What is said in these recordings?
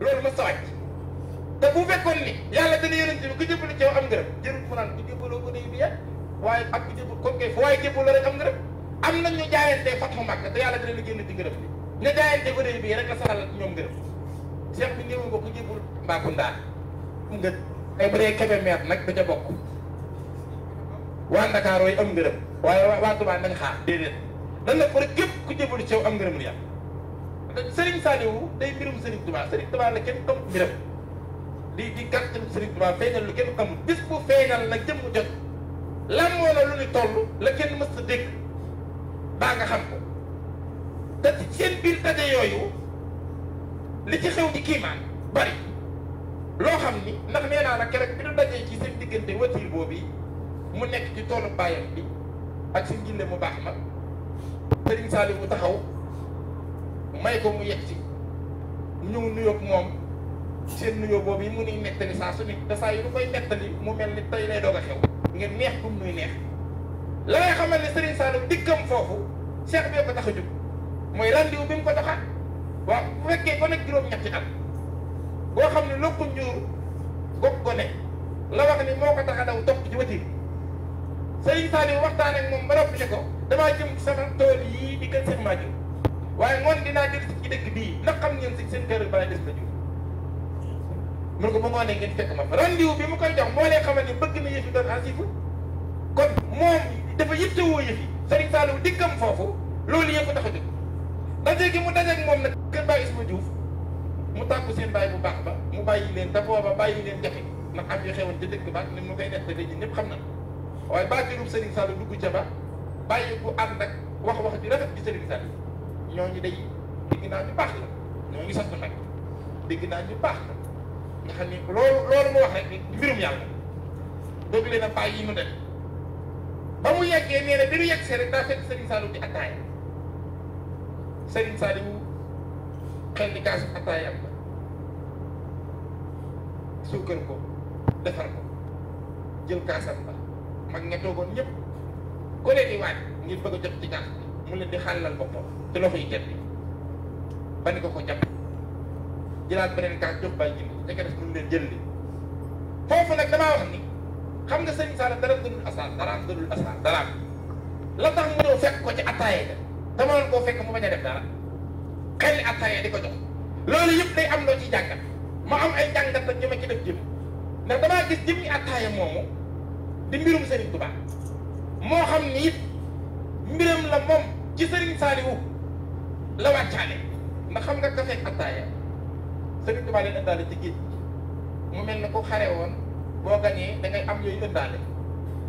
loolu ma sawaj te bu fekkoon ni yàlla dana yonent bi ku jëbbalu ci am ngërëm jërul mu naan ku jëbbaloo ko a bi yàgg waaye ak ku jëbbal comme kay fu waaye jëbbaloo rek am ngërëm am nañ ñu jaayantee fatxu màkk te yàlla dana la génn ci ngërëm bi nga jaayantee ko day bi rek la saxal ñoom ngërëm cheikh bi néewu nga ku jëbbal nag da ca bokk waa Ndakaaroo yi am ngërëm waaye waa Tuubaa nañ xaar déedéet dan na ko rek képp ku jëbbalu ci yow am ngërëm li yàlla Serigne Saliou day mbirum Serigne Touba Serigne Touba la kenn xamut mbiram di di gàttal Serigne Touba feeñal lu kenn xamut bis bu feeñal nag jëm jot lan moo la lu ni toll la kenn mës a dégg baa nga xam ko te ci seen biir daje yooyu li ci xew ci kiimaan bari loo xam ni ndax nee naa la bi ñu dajee ci seen diggante watiir boobu mu nekk ci toolu bàyyam bi ak seen njille mu baax ma Serigne Saliou taxaw. may ko mu yegg ci mu ñëw nuyoog moom seen nuyoo boobu yi mu nuy nettali saa su ne te saa yu nu koy nettali mu mel ni tey lay doog a xew ngeen neex bu nuy neex la ngay xamal ne Serigne Saliou dikkam foofu seex bee ko tax a jóg mooy rendiw bi mu ko doxaat waaw bu fekkee ko nekk juróom ci at boo xam ne lokku njuur gog gone la wax ni moo ko tax a daw topp ci wati Serigne Saliou waxtaan ak moom ba noppi ne ko damaa jëm sama tool yii di gën seen maajur waaye ngoon dinaa jëli si ci dëkk bii ndax xam ngeen si seen kër bala des la jur mun ko ba ngoonee ngeen fekk ma fa rendez-vous bi mu koy jox moo leen xamal ni bëgg na yëfi doon asifu kon moom dafa yittewoo yëfi Sëriñ Saliou dikkam foofu loolu yëpp tax a jóg daje gi mu moom nag kër Baye Isma Diouf mu tàggu seen baay bu baax ba mu bàyyi leen dafoo ba bàyyi leen jafe ndax am yu xewoon ca dëkk baax ni mu koy def daje ji ñëpp xam na waaye bàjjëlu Sëriñ Saliou dugg ca ba bàyyi ku ànd ak wax-wax ji rafet ci Sëriñ Saliou ñooñu day dégg naa ñu baax la ñoo ngi sant nag dégg naa ñu baax la nga xam ni loolu loolu mu wax rek mbirum yàlla bëgg leen a bàyyi yi mu def ba mu yeggee nee na bi ñu yegg see rek daa fekk Serigne Saliou di attaaya Serigne xel di kaasu la suukar ko defar ko jël kaasam ba mag nga toogoon ñëpp ku leen di waaj ngir bëgg a jot ci kaas mu leen di xàllal boppam te loxo yi gerte ba ko ko jàpp jëlaat beneen kaas jox bàyyi jënd ña ko def mun leen jël li foofu nag damaa wax ni xam nga sëñ Saala dara dëdul asaan dara dëdul asaan dara la tax mu ko di am lo ci jàngat ma am ay jàngat nag ñu ma ci def jëm di mbirum Serigne Touba moo xam ni mbiram la moom ci Serigne la wàccaale ndax xam nga kafeeg attaaya Sëriñ Tuubaa leen ëndaale ci géej mu mel ne ko xare woon boo gañee dangay am yooyu ëndaale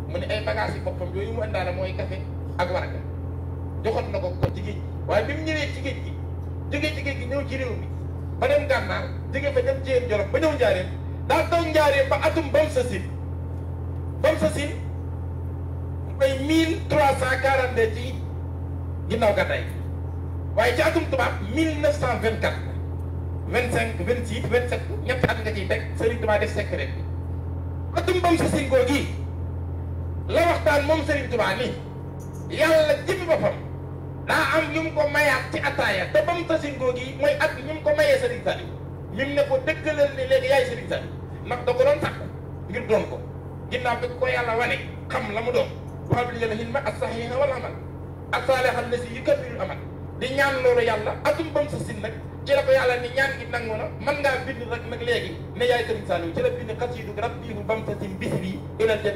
mu ne ay bagages yi boppam yooyu mu ëndaale mooy kafe ak warga joxoon na ko ko ci géej waaye bi mu ñëwee ci géej gi jógee ci géej gi ñëw ci réew mi ba dem gànnaar jógee fa dem jéem jolof ba ñëw njaareem daa toog njaareem ba atum bam sa sin bam sa sin mu koy mille trois cent quarante ci ginnaaw gàddaay waaye ci atum tubaab 1924 25 26 27 ñetti at nga ciy teg Serigne Touba def secret bi atum bam si singoo gii la waxtaan moom Serigne Touba ni yàlla jëmmi boppam daa am ñu mu ko mayaat ci ataaya te bam sa singoo gii mooy at ñu mu ko mayee Serigne Saliou ñu ne ko dëggalal ni léegi yaay Serigne Saliou ndax da ko doon tax ngir doon ko ginnaaw bi ko yàlla wane xam la mu doon waxal bi la hilma as saxiiha wal amal ak saalihan lazi yukallilu amal di ñaan loolu yàlla atum bam sa sin nag ci la ko yàlla ni ñaan gi nangu na mën ngaa bind rek nag léegi ne yaay Sëriñ Saliou ci la bind xasiidu rabbiihu bam sa sin bis bi ilal sa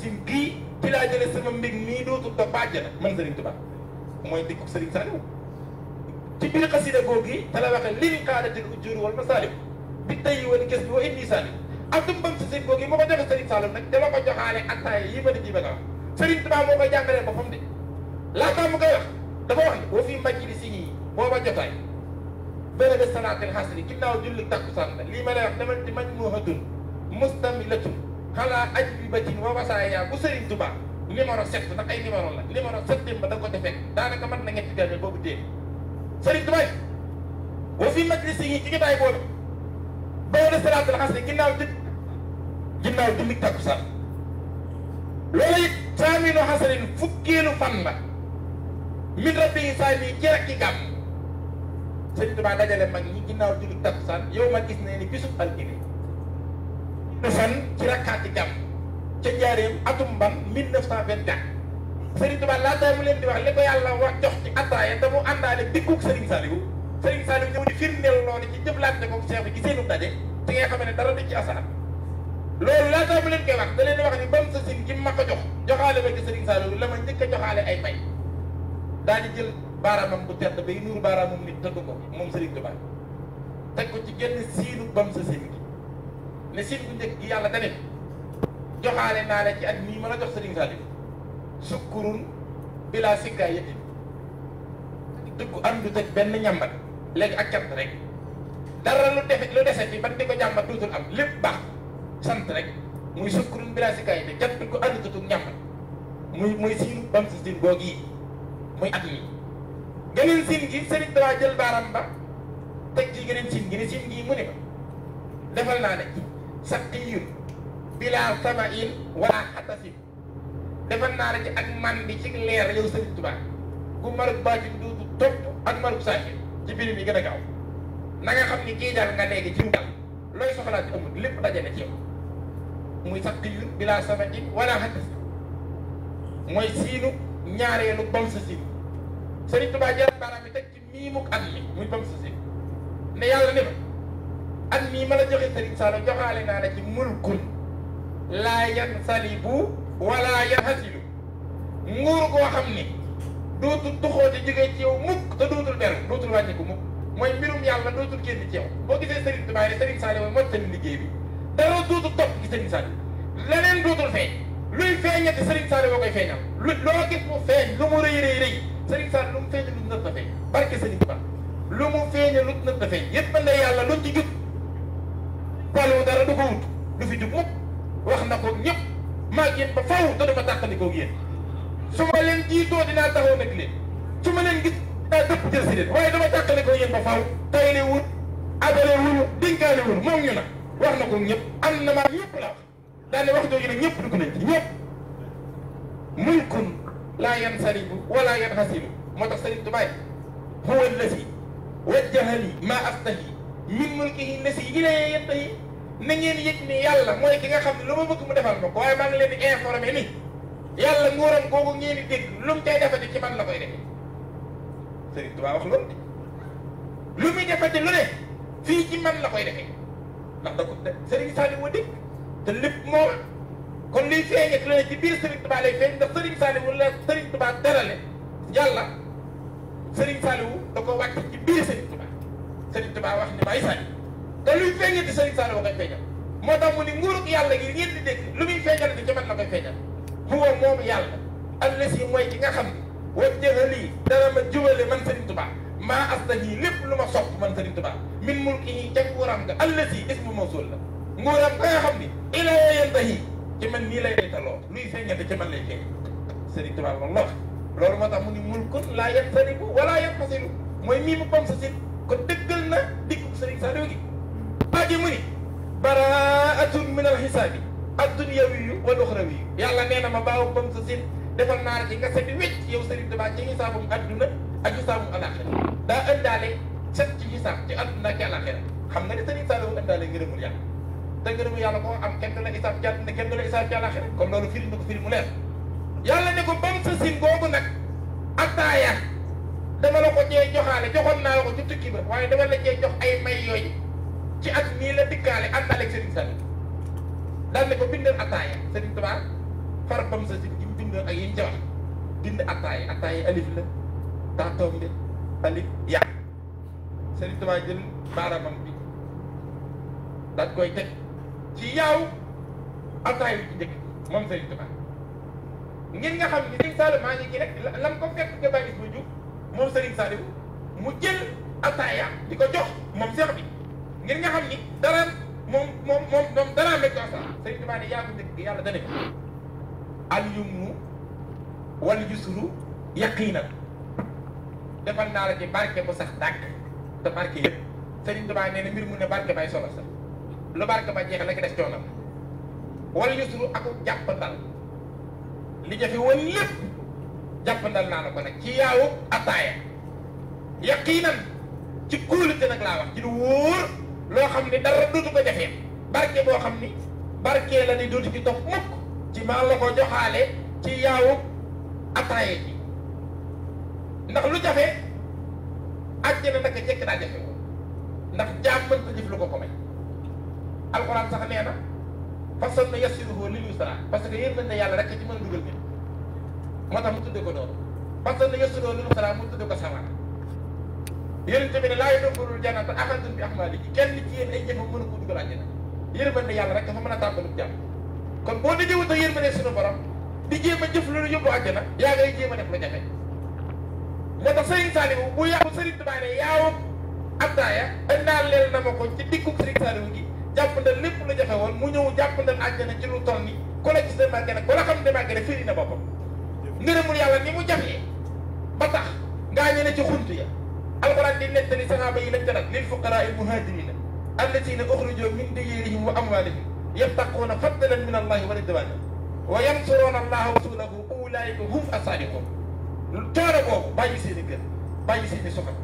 sin gii ci laa jële sama man Sëriñ Tuubaa mooy dikku Sëriñ Saliou ci biir xasida googu yi te la waxee lin xaaratil ujjuur wal masaalib bi tey woon gis bi wa indi Saliou sa sin googu yi moo ko joxe Sëriñ Saliou nag dama ko joxaale attaaya yi ma di ba Sëriñ de laataa mu ko wax dafa wax ni boo fi majlisihi booba jotaay bërëb salaatil xasri ginnaaw julli takkusaan la lii ma lay wax demal di majmuhatun mustamilatun xalaa ajwibatin wa wasaaya bu Sëriñ Tuubaa numéro 7 ndax ay numéro la numéro 7 ba da ko ca fekk daanaka mën na ñetti gàllankoor boobu dégg Sëriñ Tuubaa boo fi majlisihi ci jotaay boobu bërëb salaatil xasri ginnaaw julli ginnaaw julli takkusaan loolu it saaminu xasrin fukkeelu fan la. min rabbi saa bi jërëk ci gàmm sëñ Tuubaa dajale mag ñi ginnaaw julli takkusaan yow ma gis ne ni bisub altine fan ci rakkaati gàmm ca njaareem atum mbam 1924 sëriñ Tuubaa laata mu leen di wax li ko yàlla wax jox ci attaaya te mu àndaale dikkuk sëriñ Saliou sëriñ Saliou ñëw di firndeel loolu ci jëflante ko Cheikh bi ci seenu daje ci nga xam ne dara du ci asaan loolu laata mu leen koy wax da wax ni bam sa sin gi ma ko jox joxaale ba ci sëriñ Saliou la ma njëkk a ay may daañu jël baaraamam bu tedd bay nuur baaraamam nit tëdd ko teg ko ci genn siinu bam sa siin yàlla dane joxaale naa ci at mii ma la jox Serigne Saliou sukkurun bilaa sikkaa benn ñambat léegi ak cant rek dara lu defe lu dese bi ban di ko jàmbat dootul am lépp baax sant rek muy sukkurun bilaa sikkaa yëpp cant du ànd tutuk ñambat muy muy siinu bam sa siin boo gii mooy at mi geneen siin gi sëriñ bi jël baaram ba teg ci geneen siin gi ne siin gii mu ne ko defal naa la ci saqiyun bilaa samain wala xatasin defal naa la ci ak man bi ci leer yow sëriñ Tuubaa gu marug baatin duudu topp ak marug saafir ci biir mi gën a gaaw na nga xam ni kii daal nga léegi mu dal looy soxlaa ci amul lépp daje ci yow muy saqiyun bilaa samain wala xatasin mooy siinu ñaareelu bam sa siin Serigne Touba jël baaraam yi teg ci miimuk at mi muy bam sisi yàlla ne ma at mii ma la joxe Serigne Sall joxaale naa la ci mulkun laa yan salibu wala yan hasilu nguur ni dootul tuxoo ci jógee ci yow mukk te dootul ber dootul wàññiku mukk mooy mbirum yàlla dootul génn ci yow boo gisee Serigne Touba ne Serigne Sall mooy mot seen liggéey bi dara dootul topp ci Serigne Sall leneen dootul feeñ luy feeñati Serigne Sall boo koy feeñal lu loo Serigne Sall lu mu feeñe lut nat na feeñ barke Serigne Ba lu mu feeñe lut na feeñ yëpp na yàlla lu ci jub baliwu dara du ko wut du fi jub mukk wax na ko ñëpp maag yéen ba faw te dama tàqalikoo yéen su ma leen jiitoo dinaa taxaw nag leen su ma leen gis dinaa dëpp jël si leen waaye dama tàqalikoo yéen ba faw tayle wut abale wunu dénkaane wunu moom ñu na wax na ko ñëpp am na maa ñëpp la wax daane wax jooju nag ñëpp dugg nañ ci ñëpp muy laa yansaribu wala yanxasimu moo tax Sëriñ Tuubaa huwa allazi wajjaha li maa astahi min mulkihi lazi ilayya yantahi na ngeen yëg ni yàlla mooy ki nga xam ne lu ma bëgg mu defal ma ko waaye maa leen di informé ni yàlla nguuram googu ngeen di dégg lu mu cay defati ci man la koy defee Sëriñ Tuubaa fii ci la koy defee ndax da ko Sëriñ Saaliw wa dégg te lépp moom kon liy feeñee la ci biir Serigne Touba lay feeñ ndax Serigne Saliou la Serigne Touba terale yàlla Serigne Saliou da ko wàcc ci biir Serigne Touba Serigne Touba wax ni may Saliou te luy feeñee ci Serigne Saliou moo tax mu ni yàlla gi ngeen lu muy feeñal di ci man la koy feeñal moom yàlla àll si mooy ki nga xam ne wam jëxalii dara ma jubale man Serigne Touba maa astahi lépp lu ma sopp man Serigne Touba min mulki yi ca nguuram nga àll si ismu mawsul la nguuram ka nga xam ni ilaa yantahi ci man nii lay deetaloo luy feeñate ci man lay feeñ Sëriñ Tuubaa moom la wax loolu moo tax mu ni mulkun laa yansarifu wala yanfasilu mooy mii mu pam sa sit ko dëggal na digg Sëriñ Saaliw gi aji mu ni baraatun min alxisaabi addunyawiyu wal uxrawiyu yàlla nee na ma baaw pam sa sit defal naa ci nga seeti wécc yow Sëriñ Tuubaa ci xisaabum adduna ak xisaabum alaxira daa ëndaale set ci xisaab ci adduna ak alaxira xam nga ne Sëriñ Saaliw ëndaale ngërëmul yàlla da ngërëmu yàlla ko am kenn du la isaab jàll ne kenn du la isaab jàll axira comme loolu firi na ko firi mu leer yàlla ne ko bam sa sin googu nag attaaya dama la ko cee joxaale joxoon naa la ko ci tukki ba waaye dama la jox ay may yooyu ci at nii la dikkaale àndaale ak Serigne Saliou daal ko bindal attaaya Serigne Touba far bam sa sin gi mu bindoon yi mu bind attaaya alif la daa toog alif ya Serigne Touba jël baaraamam bi daal koy ci yaaw ataay bi ci dëkk moom Serigne ngir nga xam ni Serigne Saliou maa ngi gi rek lam ko fekk nga bàyyi bu jub moom Serigne Saliou mu jël ataayam di ko jox moom seex bi ngir nga xam ni dara moom moom moom moom dara mécon sa Serigne Touba ne yaa ko dëkk yàlla dane ko al yumnu wal yusru yaqiinan defal naa la ci barke bu sax dàkk te barke yëpp Serigne Touba mbir mu ne barke bay solo sax lu barke ba jeex la ki des coono wala yusru ak jàppandal li jafe woon lépp jàppandal naa la ko nag ci yaawu ataaya yaqiinan ci kóolute nag laa wax ci lu wóor loo xam ni dara dootu ko jafee barke boo xam ni barke la ni dootu ci topp mukk ci maa la ko joxaale ci yaawu ataaya ji ndax lu jafe àjjana naka jekk daa jafe ndax jaam mën lu ko ko may alxuraan sax nee na façon na yassiruhu lil yusra parce que yéen na yàlla rek ci mën a dugal nit moo tax mu tudde ko noonu façon na yassiruhu lil yusra mu tudde ko sawara yéen tamit ne laa yadxulul jannata ahadun bi a'maalihi kenn ci yéen ay jëfam mënu ko dugal àjjana yërmande yàlla rek dafa mën a tàmbali jàmm kon boo dajee wut ak yërmande suñu borom di jéem a jëf lu yóbbu àjjana yaa ngay jéem a def lu jafe jàppandal lépp la jafe woon mu ñëw jàppandal àjjana ci lu toll ni ku la gis de màgg ne ku la xam de màgg ne firi na boppam ngërëmul yàlla ni mu jafee ba tax ngaa ñene ci xunt ya alxuraan di nettali saxaaba yi lañ ca nag lil fuqaraa il muhaajirina allaziina uxrijoo min diyaarihim wa amwaalihim yabtaquuna fadlan min allahi wa ridwaana wa yansuruuna allaha wa rasuulahu ulaa'ika hum as-saadiquun coono boobu bàyyi seen i kër bàyyi seen i soxna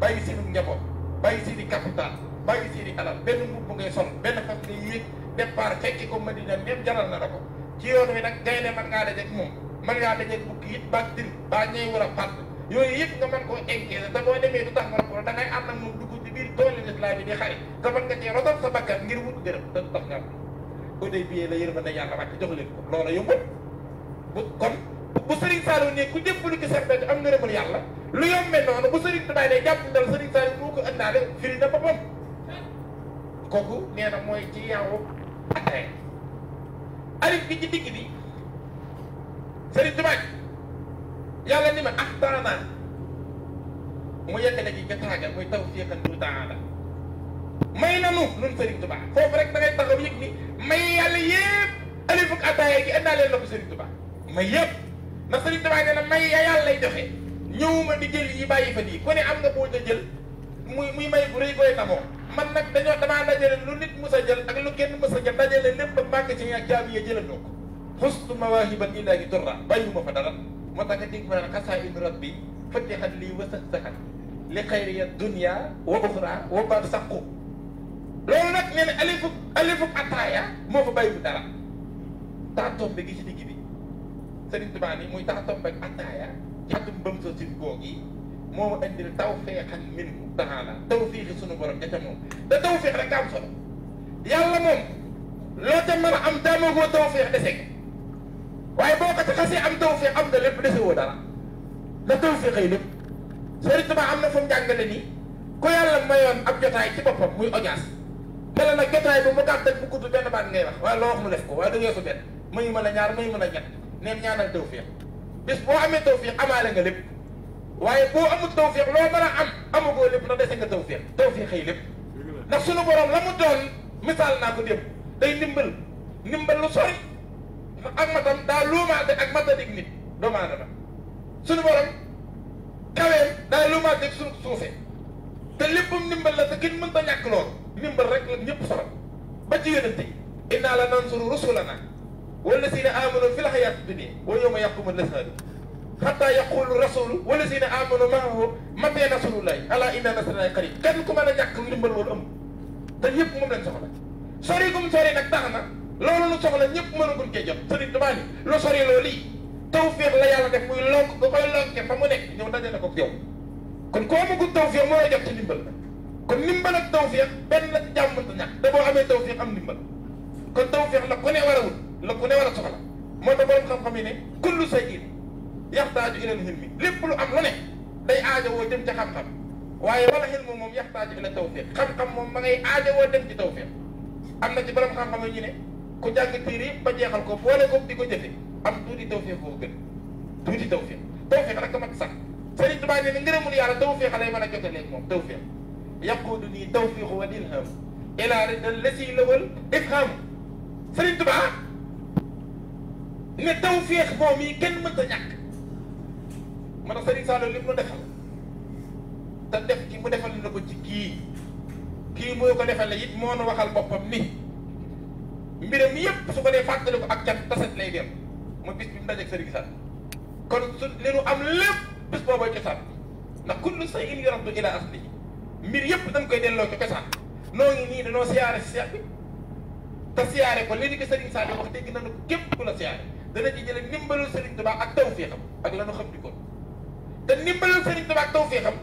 bàyyi seen i njaboot bàyyi seen i capital bàyyi seeni alal benn mbubb ngay sol benn fas ngay yéeg départ fekki ko Madina même jaral na la ko ci yoon wi nag gaynde mën ngaa dajeeg moom mën ngaa dajeeg bukki it ba tin baa ñëw war a fàtt yooyu yëpp nga mën koo inquiété te boo demee du tax nga ko da ngay ànd ak moom dugg ci biir toolu lislaam yi di xari te mën nga cee rotal sa jox leen ko loola yombul bu kon bu Serigne Saliou ne ku jébbalu ci seen am ngërëmal yàlla lu yombee noonu bu Serigne Touba day jàpp ndal Serigne kooku nee na mooy ci yaawu attrait alif bi ci digg bi sëriñ tubaab yàlla ni ma axtaana mu yegg na ci jotaaga muy taw fiiqan du taala may nanu nun sëriñ tubaab foofu rek da ngay taxaw yëg ni may yàlla yëpp alif ak gi indaalee na ko sëriñ tubaab may yëpp ndax sëriñ tubaab nee na may ya yàlla joxe ñëwuma di jël yi bàyyi fa nii ku ne am nga boo jël muy muy may bu rëy gooy tamoo man nag dañoo damaa dajale lu nit mës a lu kenn mës a jël dajale lépp ba màgg ci ak caabi ya jëlandoo ko xustu mawaahiban ilaahi dorra bàyyuma fa dara moo tax nga dégg ma naan xasaa in rabbi fatixat lii li xayri ya wa uxra wa ba saqu loolu nag nee na alifu alifu ataaya moo fa bàyyiwu dara taatombe gi ci digg bi Sëriñ Tuubaa ni muy taatombe ak ataaya ci atum bam sa sin googi مو أدري توفيقا منه تعالى توفيق سنو بركة مو ده توفيق لك أبصر يلا مم لو تم أم دامو هو توفيق لسك وهي بوقة خسي أم توفيق أم دل البلس هو دارا ده توفيق يلب سريت ما عمنا فم جانجلني كو يلا ما يون أب جتاي كي بفم مو أجاس كلا نك جتاي بو مكان تك بكو بان غيرا وهي لو أخم لفكو دو يسو بيت مي منا نيار مي منا نيار نيم نيانا توفيق بس بو عمي توفيق أمالا غلب waaye boo amul tawféex loo mën a am amagoo lépp ndax dese nga tawféex tawféex yi lépp ndax sunu borom la mu doon misaal naa ko dem day ndimbal ndimbal lu sori ak matam daa luumaate ak matadik nit doomu aadama sunu borom kaweem daa luumaate suñu suufee te léppam ndimbal la te kenn mënta ñàkk lool ndimbal rek la ñëpp solo ba ci yonente yi innaa la nansuru rusulana wallazina aamanu fil hayaati dunya wa yawma yaqumu l-ashhadu xataa yaqulu rasul wala si ne amanu ma matee nasrullahi ala inna nasrullahi qarib kenn a ñàkk ndimbal loolu amul te ñëpp soxla sori gum sori nag tax na loolu lu soxla ñëpp mënaguñ cee jot sëriñ damaa ni lu sori loolu yi tawfiq la yàlla def muy lonk nga koy lonke fa mu nekk ñëw daje na ko yow kon koo amagul tawfiq moo la jot ci ndimbal la kon ndimbal ak tawfiq benn jàmm ta ñàkk da boo amee tawfiq am ndimbal kon tawfiq la ku ne war a wut la ku ne war a soxla moo tax borom xam-xam yi ne kullu sayin yaxtaaju ilal hilmi lépp lu am lu ne day aajowoo jëm ca xam-xam waaye wala xilmu moom yaxtaaju ilal tawfiq xam-xam moom ma ngay aajowoo dem ci tawfiq am na ci borom xam-xam ñu ne ku jàng tiir yëpp ba jeexal ko boole ko di ko jëfe am tuuti tawfiq boo gën tuuti tawfiq tawfiq rek a mat sax Sëriñ Tuubaa nee na ngërëmul yàlla tawfiq lay mën a jotaleeg moom tawfiq yaquudu nii tawfiq wal ilham ilaa ridal lasi lawal ifham Sëriñ Tuubaa ne tawfiq moom yi kenn mënta ñàkk man a Serigne Saliou li mu defal te def ci mu defal na ko ci kii kii moo ko defal la it moo nu waxal boppam ni mbiram yépp su ko dee fàttali ko ak cat taset lay dem mu bis bi mu dajeeg Serigne Saliou kon su li nu am lépp bis boobooy cosaan ndax kullu shay'in yuraddu ila aslihi mbir yëpp dañ koy delloo ci cosaan noo ngi nii dañoo siyaare si seex bi te siyaare ko li ni ko Serigne Saliou wax dégg nañu képp ku la siyaare dana ci jële ndimbalul Serigne ak tawfeexam ak xam di te ndimbalal Serigne Touba ak tawfeexam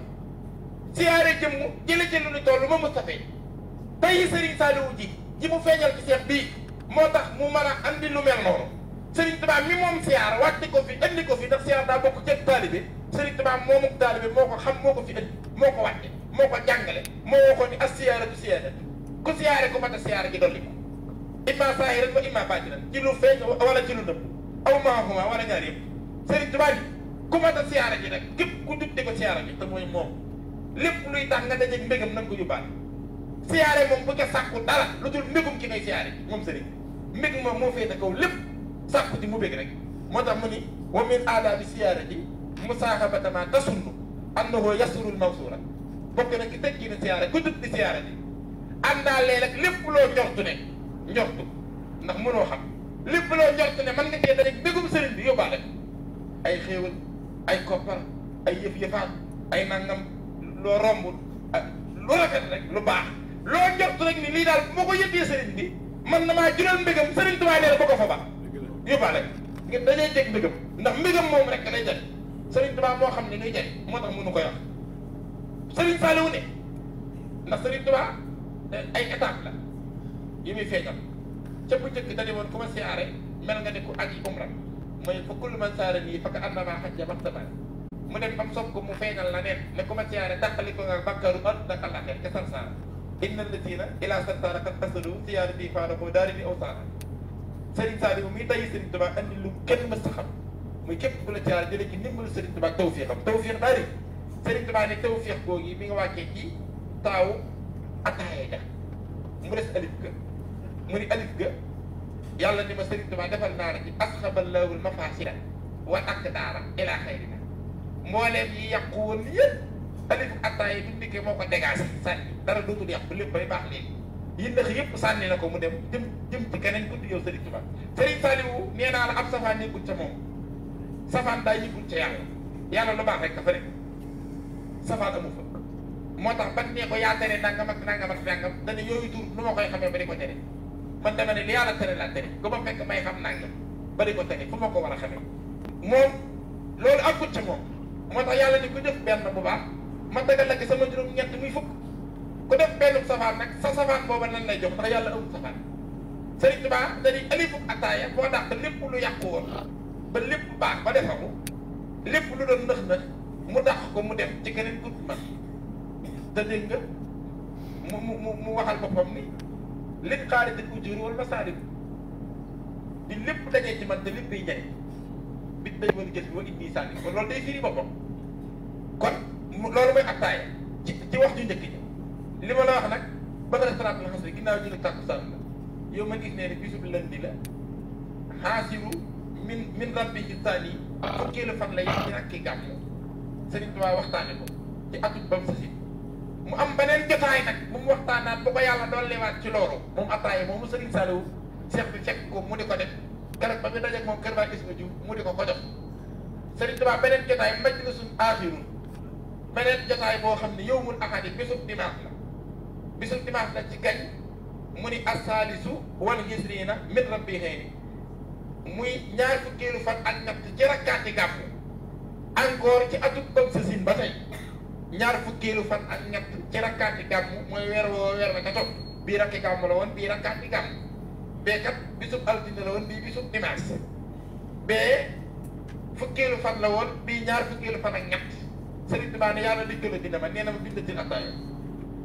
siyaare jëmm jële ci lu ñu toll ma Moustapha tey Serigne Saliou ji ji mu feeñal ci seex bii moo tax mu mën a andi lu mel noonu Serigne Touba mi moom siyaar wàcce ko fi andi ko fi ndax siyaar daa bokk ceeb taalibe Serigne Touba moomu taalibe moo ko xam moo ko fi andi moo ko wàcce moo ko jàngale moo waxoon ni as siyaare du siyaare ku siyaare ko mat a siyaare ji dolli ko imma saahiran wa imma baatinan ci lu feeñ ci commencé siyaara ji rek képp ku jub di ko siyaara ji te mooy moom lépp luy tax nga dajeeg mbégam nanga ko yóbbaale siyaare moom bu ca sàkku dara lu dul mbégum ki ngay siyaare ji moom sëriñ mbég moom moo féete kaw lépp sàkku ci mu bég rek moo tax mu ni wa min aadaabi siyaara ji musaaxabata maa tasunnu annahu yasurul mawsuura bokk na ci tëj gi ku jub di rek lépp loo njortu ne njortu ndax mënoo xam lépp loo njortu ne mën nga cee dajeeg mbégum sëriñ bi yóbbaale ay xéewal ay koppar ay yëf-yëfaat ay nangam loo romb ah, lu rafet rek lu baax loo njort rek ni lii daal bu ko yëddee sëriñ bi man na maa jural mbégam sëriñ Tuubaa nee na ba ko fa ba yóbbaale nga dañuy jeg mbégam ndax mbégam moom rek lay jag sëriñ Tuubaa moo xam ne ngay jag moo tax mënu koy wax sëriñ Saliou ne ndax sëriñ Tuubaa ay étape la yi muy feeñal ca bu njëkk dañu woon commencé aare mel nga ne ku aji umra mooy fa kullu man saara nii fa ka annama xajja maxtaman mu dem bam soog mu feeñal la neen ne ku ma siyaare tàqali ko nga bàkkaru at dakal axeer ca sarsara inna lazina ila sarsara saara Serigne Saliou muy dayi Serigne Touba andi lu kenn mës a xam muy képp ku la siyaare jëlee ci ndimbalu Serigne mi nga wàccee taawu ataaya ja mu des alif ga يلا اني مسيرك تبع دفع النارك اسخب الله المفاسد واقدار الى خيرنا مولم يقول يد الف اتاي بني كي موكو ديغاس سان دار دوتو ديخ بلي باي باخ لي يين نخ ييب سان لي نكو مو ديم ديم ديم تي كنن كود يو سيرك تبع سيرك فاليو نينا لا اب صفان ني كود تمو صفان داي ني كود تيا يالا لو باخ رك فري صفان امو فا motax ban neexo yaa tere nangam ak nangam ak nangam dana yooyu tur nu man dama ne li yàlla tere laa tere ku ma fekk may xam nangam bari ko tere fu ma ko war a xamee moom loolu ci moom moo tax yàlla ni ku def benn bu baax ma tegal la ci sama juróom-ñett muy fukk ku def benn safaan nag sa safaan booba nan lay jox ndax yàlla amul safaan Sëriñ Tuubaa dañu alifu ataaya boo dàq lépp lu yàqu woon ba lépp baax ba defamu lépp lu doon nëx nëx mu dàq ko mu dem ci keneen ku man te dégg nga mu mu mu waxal boppam ni lépp xaalis dañ ko jur wala masaalik di lépp dajee ci man te lépp day ñañ bit dañ woon kon loolu day firi boppam kon loolu mooy attaaya ci ci wax ju njëkk ji li ma la wax nag ba nga def salaat bi nga xam ne ginnaaw la yow ma gis ne ne bisub lëndi la xaasiru min min rabbi ci saan yi fukkeelu fan la yi ñi rakki gàmm la Sëriñ Tuubaa waxtaane ci atut ba mu sasit mu am beneen jotaay nag mu waxtaanaat bu ko yàlla dolliwaat ci loolu moom attaaye moomu Serigne Saliou Cheikh bi fekk ko mu di ko def keroog ba muy dajeeg moom kër baa gis nga jiw mu di ko ko jox Serigne Touba beneen jotaay mbaj na suñ aafirun beneen jotaay boo xam ne yowmul ahadi bisub dimanche la bisub dimanche la ci gañ mu ni assaalisu wal hisriina min rabbi xëyni muy ñaar fukkeelu fan ak ñett ci rakkaati gàpp encore ci atub comme sasin ba ñaar fukkeelu fan ak ñett ci rakkaati gàmmu mooy weer woo weer la ka topp bii rakki gàmmu la woon bii rakkaati gàmmu bee kat bisub altine la woon bii bisub dimanche bee fukkeelu fan la woon bii ñaar fukkeelu fan ak ñett sëriñ Tuubaa ne yàlla li gën a bind ma nee na ma bind ci attaaya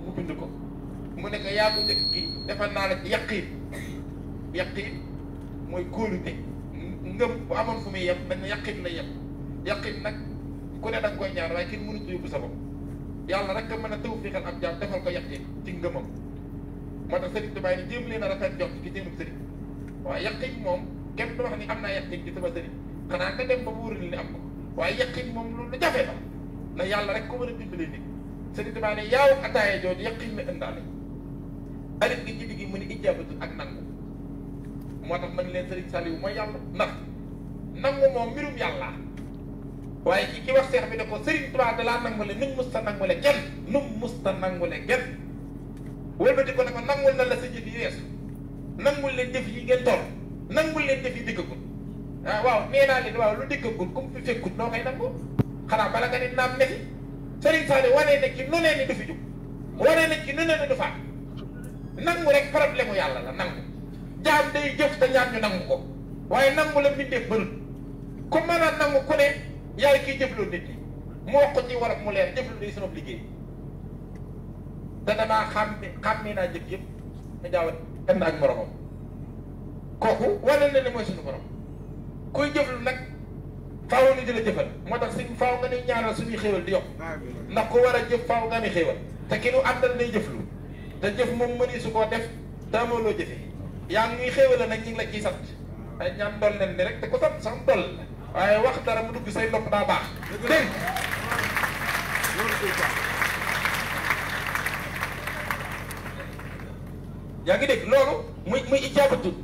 mu bind ko mu ne ko yaa ko njëkk gi defal naa la ci yaqiin yaqiin mooy kóolute ngëm bu amoon fu muy yem dañ ne yaqiin yem yaqiin nag ku ne da nga koy ñaan waaye yàlla rek mën a tawfiixal ab jaam defal ko yaqin ci ngëmam moo tax sëriñ Tuubaa ni jéem leen a rafet jot ci seenub sëriñ waaye yaqin moom kenn du wax ni am naa xanaa nga dem ba wóorul waaye yaqin moom loolu lu jafe la na yàlla rek ko war a dimbali nit sëriñ Tuubaa ne yaaw ataaya jooju yaqin la ëndaale alif gi ci diggi mu moo tax ma ngi leen sëriñ Saliou mooy yàlla ndax nangu moom mbirum yàlla waaye kii ki wax seex bi ne ko Serigne Touba da laa nangule nuñ musta nangule kenn num musta nangule kenn wëlbati ko ne ko nangul na la sa jëf yi weesu nangul leen jëf yi ngeen toll nangul leen jëf yi dikkagul ah waaw nee naa leen waaw lu dikkagul comme fi fekkut noo koy nangu xanaa bala nga ne naam ne fi Serigne Saliou wanee ne ki nu nee ni du fi jug wanee ne ki nu nee ni du nangu rek problème yàlla la nangu jaam day jëf te ñaan ñu nangu ko waaye nangu la yaay kii jëfloo nit ñi moo ko ci war mu leer jëfloo di sama liggéey te damaa xam xàmmee naa jëf yëpp mu jaaw kenn ak moromam kooku wane na ne mooy suñu borom kuy jëflu nag faaw ni di la jëfal moo tax suñ faaw nga nuy ñaanal suñuy xéewal di yokk ndax ku a jëf faaw nga te ki nu àndal jëflu te jëf moom mëni su koo def te amoo loo jëfee yaa ngi ñuy xéewal nag ñu ngi la ciy sant ñaan dool nen ni rek te ko sa sa dool la waaye wax dara mu dugg say nopp daa baax dégg yaa ngi dégg loolu muy muy ijaabatul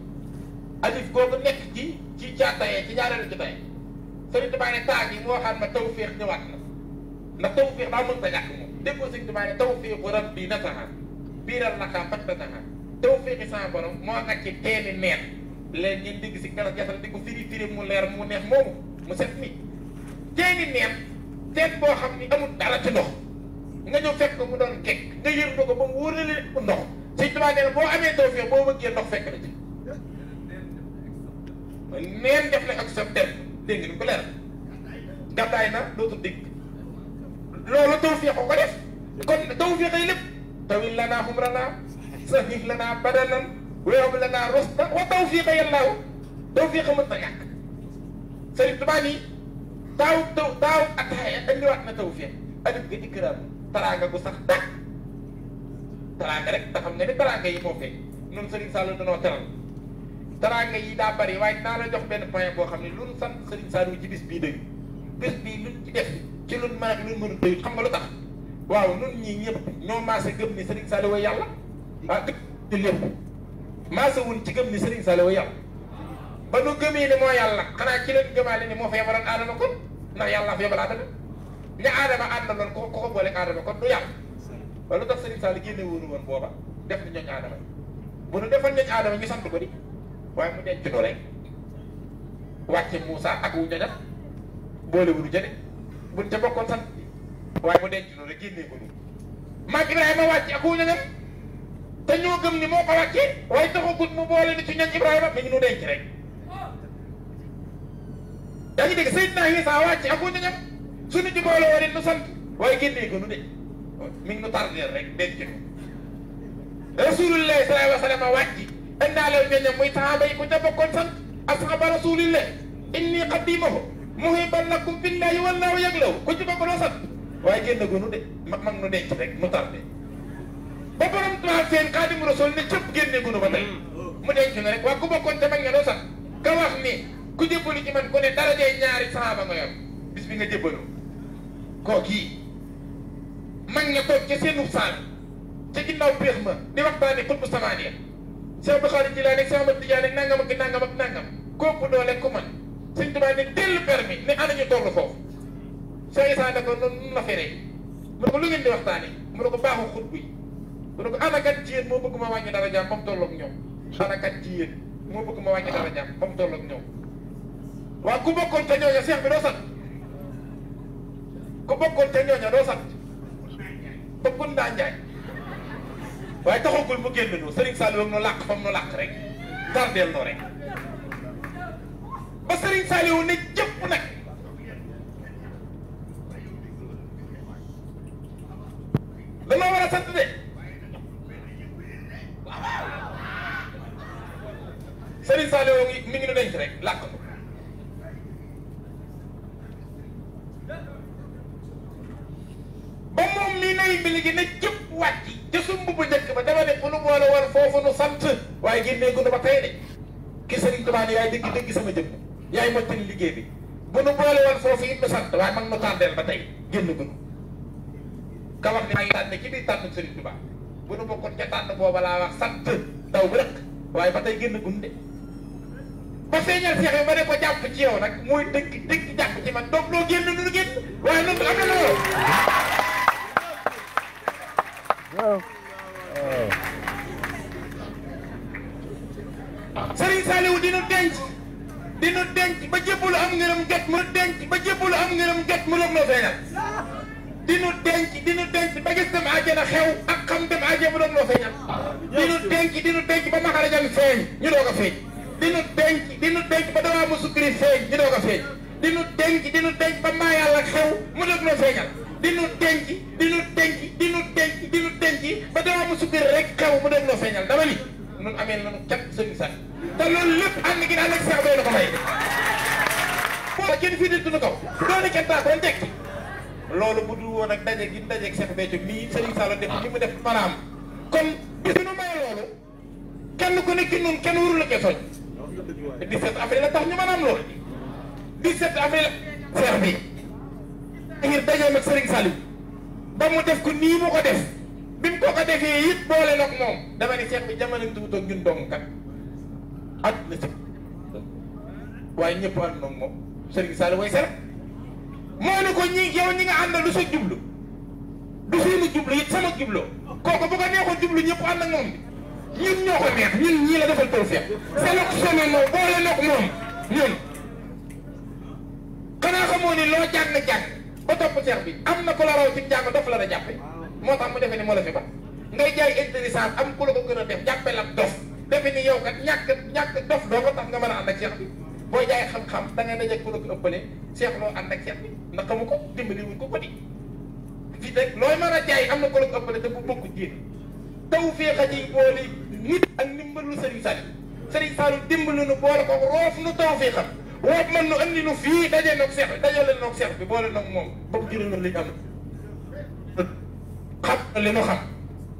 alif googu nekk ci ci jaataye ci ñaareelu ci tay sëriñ Tuubaa ne taa gi moo xam ne tawféex ñëwaat na ndax tawféex daa mën ta ñàkk moom déggoo sëriñ Tuubaa ne tawféexu rabbi nasaha biiral naka faj nasaha tawféexi sama borom moo nekk teeni neen léegi ngeen dégg si gala gasal di firi firi mu leer mu neex moomu mu set mi teeni neen teen boo xam ni amul dara ci ndox nga ñëw fekk mu doon kekk nga yër ko ba mu wóor la leen ndox sëñ boo amee taw fii boo bëggee ndox fekk la ci neen def na ak sa dem dégg nga ni ko leer gàddaay na dootul dégg loolu taw fii ko def kon taw fii xëy lépp tawil lanaa xumranaa sahih lanaa badanan ويهب لنا رشدا وتوفيق يا الله توفيق مطلق سيد تباني داو داو داو اتحي اللي وقتنا توفيق ادب دي اكرام تراغا كو صح داك تراغا رك تخم ني تراغا يي مو في نون سيرين سالو دانو ترال teraanga yi daa bari waaye naa la jox benn point boo xam ne lu nu sant Serigne Saliou ci bis bii dëgg bis bii lu ci def ci lu nu lu nu mënut dëgg xam nga lu tax waaw nun ñii ñëpp ñoo maase gëm ni Serigne Saliou wa maa maasawul ci gëm ni Serigne wu yam ba nu gëmee ne moo yàlla xanaa ci leen gëmaale ni moo fa yabaloon aadama kon ndax yàlla fa yabal aadama ña aadama àndaloon ko ko boole aadama kon du yàlla wala lu tax Serigne Saliou génne wóoru woon booba def na ñooñ aadama bu nu defoon ñooñ aadama ñu sant ko di waaye mu denc doo rek wàcce Moussa ak wu ñoñat boole wu nu jëne buñ ca bokkoon sant waaye mu denc doo rek génnee ko nu maag Ibrahima wàcce ak wu ñoñat te ñoo gëm ni moo ko wàcce waaye taxagut mu boole ni ci ñoñ Ibrahima mi ngi nu denc rek yaa ngi dégg Seydina Isa wàcce ak ñoñam suñu ci boole woon it nu sant waaye génnee ko nu de mi ngi nu tardeel rek denc ko rasulillahi sallallahu alayhi wa sallam wàcci indaale ñoñam muy saxaaba yi ku ca bokkoon sant asxaaba rasulillah inni qadimahu muhibban lakum yaglaw ku ci bokkoon sant waaye génn ko nu de mag mag nu denc rek nu tardé ba borom Tuubaa seen Xaadimu Rasuul ne cëpp génne gunu ba tey mm. mu denc na rek waa ku bokkoon te mag nga doo sax ka wax ni ku jébbalu ci man ku ne dara dee ñaari saxaaba nga yor bis bi nga jébbalu kooku yi mag nga toog ca seenub saal ca ginnaaw péex ma di waxtaane xutbu samaaniya Seex Abdu Xaadir Jilaani ak Seex Ahmad Tijaan ak nangam ak nangam ak nangam kooku ku man sëñ Tuubaa ne tell permis ne ana ñu toll foofu Seex Isaa da ko noonu la fere mu ko lu ngeen di waxtaane mu mu ne ko ana kat ci yéen moo bëgg ma wàññi dara jàmm ba mu tolloog ñoom ana kat ci yéen moo bëgg ma wàññi dara jàmm ba ñoom waaw ku bokkoon te ñooña seex bi doo sant ku bokkoon te ñooña doo sant bëggun daa njaay waaye taxagul mu génn nu Serigne Saliou nu làq fam nu làq rek tardeel noo rek ba Serigne Saliou ne jëpp nag danoo war a sant Saliou ngi mi ngi nu denc rek làkkatu ba moom mii nay mbili gi ne jëpp wàcc ca mbubb njëkk ba dama ne bu nu boole woon foofu nu sant waaye génnee gunu ba tey de ki Sëriñ Tuubaa ne yaay dëgg dëgg sama jëmm yaay mottali liggéey bi bu nu boole woon foofu it nu sant waaye mag nu tàndeel ba tey génn gunu ka wax ne maa ci biir tànn Sëriñ Tuubaa bu nu bokkoon ca tànn booba laa wax sant taw bi rek waaye ba tey génn gunde ba feeñal seex yi ma ne ko jàpp ci yow nag muy dëkk dëkk jàpp ci man donc loo génn lu génn waaye loolu am na loolu. waaw. Serigne Saliou dinu denc dinu denc ba jébbalu am ngërëm gët mu denc ba jébbalu am ngërëm gët mu lëkkaloo feeñal. dinu denc dinu denc ba gis dem àjjana xew ak xam dem àjjana mu lëkkaloo feeñal. dinu denc dinu denc ba makara jam feeñ ñu doog a feeñ. di nu denc di nu denc ba damaa mu sukkiri feeñ di doog a feeñ di nu denc di nu denc ba maa yàlla xew mu doog noo feeñal di nu denc di nu denc di nu denc di denc ba damaa mu sukkiri rek xew mu doog noo feeñal dama ni nun amee nanu cat sëñ sax te loolu lépp ànd gi ànd ak seex doy na ko may boo kenn fii di loolu bu dul woon ak daje gi mu dajeeg Cheikh Béthio mii Serigne Sall def li mu def maanaam kon bis bi nu may loolu kenn ku nekk nun ke 17 avril la tax ñu mën a am loolu bi ngir dajeem ak Serigne Saliou ba mu def ko nii mu ko def bi mu ko ko defee it boole nag moom dama ne seex bi jamono duwut ak ñun kat at na ci waaye ñëpp ànd nag moom Serigne Saliou way seet moo ne ko ñi yow ñi nga àndal lu sa jublu du seeni jublu it sama jublu kooku bu ko jublu ñëpp ànd ak moom bi ñun ñoo ko neex ñun ñii la defal taw feex selok sono noo boole noog moom ñun xanaa xamoo ni loo jàng jàng ba topp ceex bi am na ko la raw ci jàng la da jàppe moo tax mu defe ni moo la fi ba ngay jaay am ku la ko gën a def jàppe la dof defe ni yow kat ñàkk ñàkk dof doo ko tax nga mën a ànd ak ceex bi boo jaay xam-xam da ngay dajeeg ku la ko ëppale ceex loo ànd ak ceex bi ndax xamu ko dimbali wuñ ko di fii rek looy mën a jaay am na ku la ko ëppale te bu bokk jiin taw fii xajiñ booli nit ak ndimbalu Serigne Saliou Serigne Saliou dimbalu nu boole ko roof nu tawfiixam woob man nu andi nu fii daje nag seex dajale nag seex bi boole nag moom ba mu jëriñu li ñu am xam na li nu xam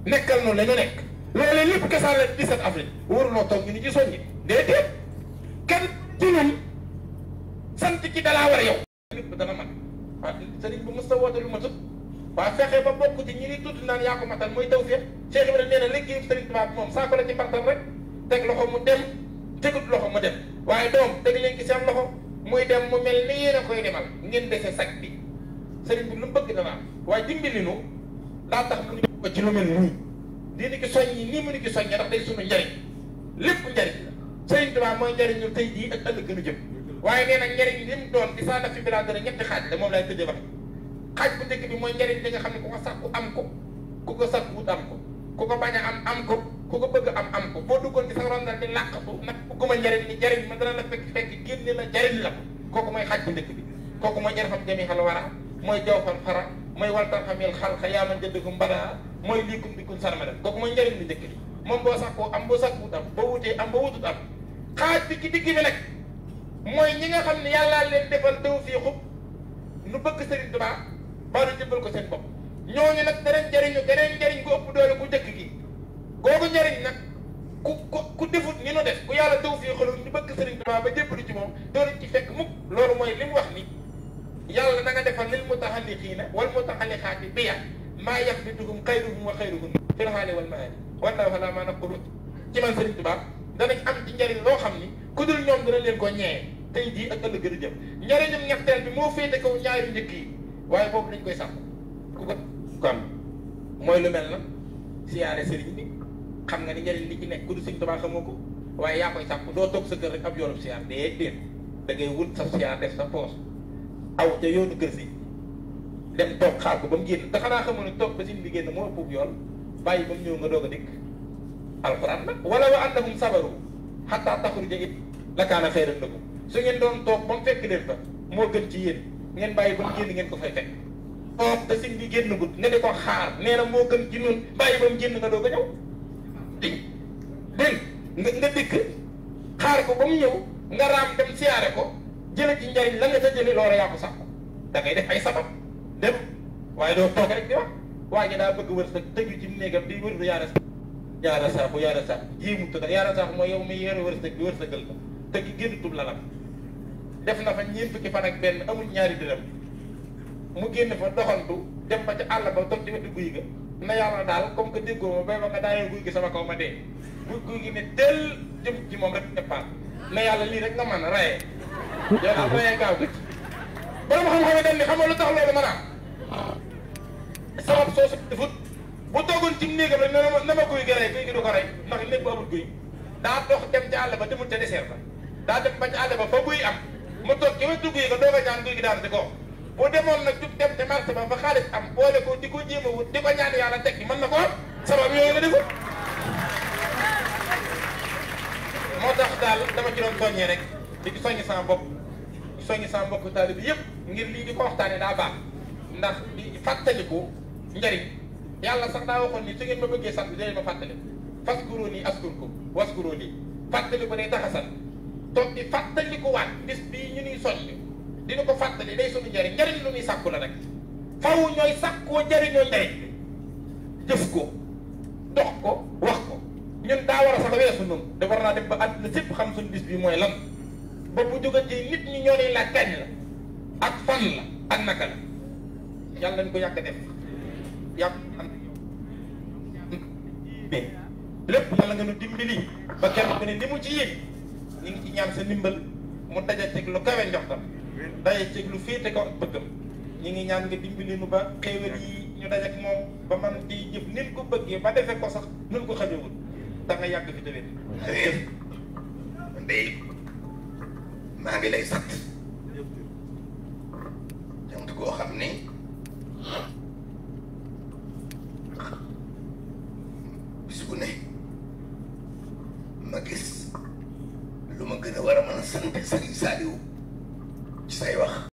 nekkal nu la ñu nekk loolu lépp kesaan la 17 avril waruloo toog ñu ni ci soññi déedéet kenn ci ñun sant ci dalaa war yow nit bi dana man waaw sëriñ bi mos ta woote lu ma tut waa fexe ba bokk ci ñi di tudd naan yaa ko matal mooy tawfeex Cheikh Ibrahima nee na liggéey Sëriñ Tuubaa moom saako la ci partal rek teg loxo mu dem tegut loxo mu dem waaye doom teg leen ci seen loxo dem mu mel ni yéen a ngeen dese sag bi sëriñ bi lu bëgg dana am waaye dimbali nu daa tax ci lu mel nii dina ki soññi nii mu ni ki soññi ndax day sunu njariñ lépp njariñ la Sëriñ Tuubaa mooy njariñu tey jii ak ëllëg waaye nee njariñ li mu doon di saa daf fi bilaa dara ñetti xaaj la moom laay tëjee wax xaaj bu njëkk bi mooy njëriñ li nga xam ne ku ko sàkku am ko ku ko sàkku wut am ko ku ko bañ a am am ko ku ko bëgg am am ko boo duggoon ci sa rondal di làqatu nag bugguma ko li njëriñ ma dana la fekk fekk génne la njëriñ la ko kooku mooy xaaj bu njëkk bi kooku mooy njëriñ xam jami xal wara mooy jaw fan fara mooy waltan xamil xalxa yaaman jëddëgum mbada mooy liikum dikun sarmada kooku mooy njëriñ li njëkk bi moom boo sàkkoo am boo sàkku wut am boo wutee am boo wutut am xaaj bi ki digg bi nag mooy ñi nga xam ne yàllaa leen defal tawfiixu nu bëgg Sëriñ Tuubaa mbaa du jëmbal ko seen bopp ñooñu nag danañ jariñu geneen njariñ gu ëpp doole bu njëkk gi googu njariñ nag ku ku ku defut ni nu def ku yàlla taw fii xalul ñu bëgg sëriñ bi ba jébbalu ci moom doonuñ ci fekk mukk loolu mooy li mu wax ni yàlla na nga defal lil mutaxalliqiina wal mutaxallixaati biya maa yaxbituhum xayruhum wa xayruhum fil xaali wal maali wallaahu alaa maa naqulu ci man sëriñ Tuubaa danañ am ci njariñ loo xam ni ku dul ñoom dana leen ko ñeewe tey jii ak a jëm njariñum bi moo féete kaw ñaari njëkk yi waaye boobu dañ koy sàmm ku ko kon mooy lu mel na siyaare sëriñ bi xam nga ni njëriñ li ci nekk ku du sëñ Tuubaa xamoo ko waaye yaa koy sàmm doo toog sa kër rek ab yoonub siyaar dee déet da ngay wut sa siyaar def sa poos aw ca yoonu kër si dem toog xaar ko ba mu génn te xanaa xamul ne toog ba si bi génn moo ëpp yoon bàyyi ba mu ñëw nga doog a dikk alxuraan nag wala wa annahum sabaru xataa taxruja it lakaana xayran lahum su ngeen doon toog ba mu fekk leen fa moo gën ci yéen ngeen bàyyi ba mu génn ngeen ko fay fekk toog te sëñ bi génn gut nga di ko xaar nee na moo gën ci noonu bàyyi ba mu génn nga doo ko ñëw dégg nga nga dikk xaar ko ba mu ñëw nga raam dem siyaare ko jële ci njariñ la nga ca jëli loola yaa sax da ngay def ay sabab dem waaye doo toog rek di wax waa ji daa bëgg wërsëg tëju ci néegam di wër yaara yaara saabu yaara saabu yii mu tëdd yaara saabu mooy yow mi yore wërsëg bi wërsëgal ko te ki génn tub lalam def na fa ñeent fukki fan ak benn amul ñaari dërëm mu génn fa doxantu dem ba ca àll ba toog ci daal comme que déggoo ma bay ba sama kaw ma dee ci moom rek ñëppaat na yàlla lii a rayee yow daal rayee gaaw gëj borom xam-xam a am sabab soosu defut bu toogoon ci néegam rek na ma na ma guy gi rey ko rey ndax néeg bu amul guy daa dem ca àll ba demul ca daa dem ba ca àll ba fa guy am mu toog ci wetu guy ga doog a ñaan guy gi daal di ko bu demoon nag jub dem te marché ba fa xaalis am boole ko di ko jéem a wut di ko ñaan yàlla tekki mën na ko sabab yooyu la defut moo tax daal dama ci doon soññee rek di ci soññi sama bopp di soññi sama mbokku taalib yëpp ngir lii di ko waxtaanee daa baax ndax di fàttaliku njëriñ yàlla sax daa waxoon ni su ngeen ma bëggee sant dinañ ma fàttaliku fas guróo nii askur ko was guróo nii fàttaliku day a sant toog di fàttali ko waat bis bii ñu nuy soññ dina ko fàttali day suñu njëriñ njëriñ lu muy sàkku la nag faw ñooy sàkkoo njëriñoo njëriñ jëf ko dox ko wax ko ñun daa war a sax weesu noonu da war naa dem ba àdduna sépp xam suñu bis bi mooy lan ba bu jóge ci nit ñi ñoo ne kañ la ak fan la ak naka la yàlla nañ ko yàgg def yàgg am hmm. lépp nga nu dimbali ba kenn ku ne ni ci yéeg ñu ngi ci ñaan sa ndimbal mu daja ceg lu kawe njoxtam daje ceg lu féete ko ak ñu ngi ñaan nga dimbali nu ba xéewal yi ñu daje ak moom ba man di jëf nin ko bëggee ba defee ko sax nun ko xamewul da nga yàgg fi déwén ndey maa ngi lay sant jant koo xam ne bis ne ma gis lu ma gën a war a mën a sant Serigne Saliou ci say wax